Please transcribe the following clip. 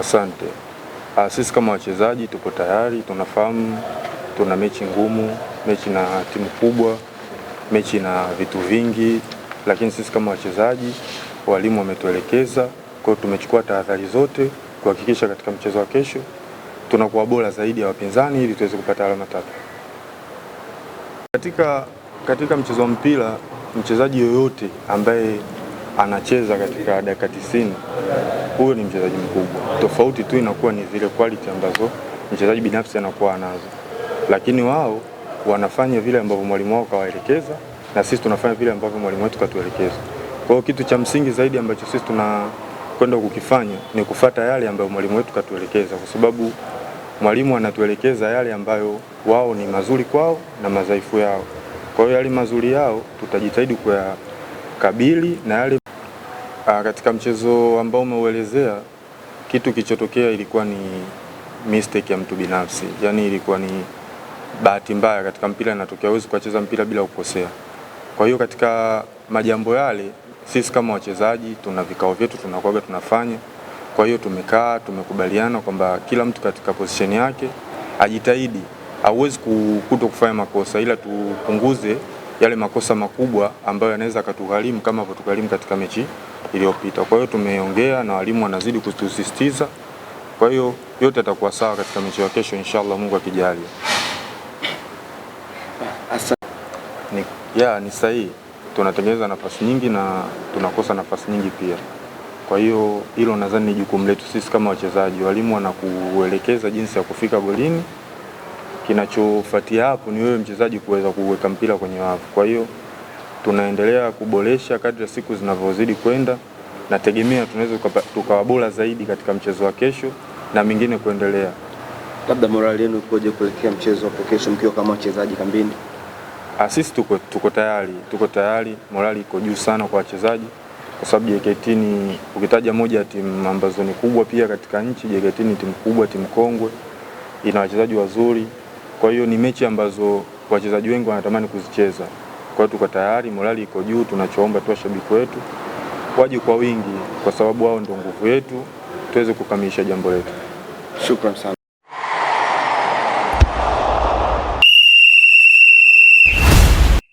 Asante. Ah, sisi kama wachezaji tupo tayari, tunafahamu tuna mechi ngumu, mechi na timu kubwa, mechi na vitu vingi, lakini sisi kama wachezaji, walimu wametuelekeza, kwa hiyo tumechukua tahadhari zote kuhakikisha katika mchezo wa kesho tunakuwa bora zaidi ya wapinzani ili tuweze kupata alama tatu. Katika, katika mchezo wa mpira mchezaji yoyote ambaye anacheza katika dakika tisini huyo ni mchezaji mkubwa. Tofauti tu inakuwa ni zile quality ambazo mchezaji binafsi anakuwa anazo, lakini wao wanafanya vile ambavyo mwalimu wao kawaelekeza na sisi tunafanya vile ambavyo mwalimu wetu katuelekeza. Kwa hiyo kitu cha msingi zaidi ambacho sisi tunakwenda kukifanya ni kufata yale ambayo mwalimu wetu katuelekeza, kwa sababu mwalimu anatuelekeza yale ambayo wao ni mazuri kwao na madhaifu yao. Kwa hiyo yale mazuri yao tutajitahidi kuyakabili na yale Ah, katika mchezo ambao umeuelezea kitu kilichotokea ilikuwa ni mistake ya mtu binafsi, yaani ilikuwa ni bahati mbaya. Katika mpira inatokea, huwezi kucheza mpira bila kukosea. Kwa hiyo katika majambo yale sisi kama wachezaji tuna vikao vyetu tunakuaga tunafanya. Kwa hiyo tumekaa tumekubaliana kwamba kila mtu katika position yake ajitahidi, hauwezi kuto kufanya makosa, ila tupunguze yale makosa makubwa ambayo yanaweza akatugharimu kama alivyotugharimu katika mechi iliyopita. Kwa hiyo tumeongea na walimu wanazidi kutusisitiza. Kwa hiyo yote yatakuwa sawa katika mechi ya kesho inshallah, Mungu akijalia. Ni, ya ni sahihi, tunatengeneza nafasi nyingi na tunakosa nafasi nyingi pia. Kwa hiyo hilo nadhani ni jukumu letu sisi kama wachezaji. Walimu wanakuelekeza jinsi ya kufika golini Kinachofuatia hapo ni wewe mchezaji kuweza kuweka mpira kwenye wavu. Kwa hiyo tunaendelea kuboresha kadri ya siku zinavyozidi kwenda, nategemea tunaweza tukawa bora zaidi katika mchezo wa kesho na mingine kuendelea. Labda morali yenu ikoje kuelekea mchezo wa kesho mkiwa kama wachezaji kambini? Ah, sisi tuko, tuko tayari tuko tayari, morali iko juu sana kwa wachezaji kwa sababu JKT ni ukitaja moja ya timu ambazo ni kubwa pia katika nchi. JKT ni timu kubwa, timu kongwe, ina wachezaji wazuri. Kwa hiyo ni mechi ambazo wachezaji wengi wanatamani kuzicheza. Kwa hiyo tuko tayari, morali iko juu. Tunachoomba tu washabiki wetu waje kwa wingi, kwa sababu wao ndio nguvu yetu, tuweze kukamilisha jambo letu. Shukrani sana.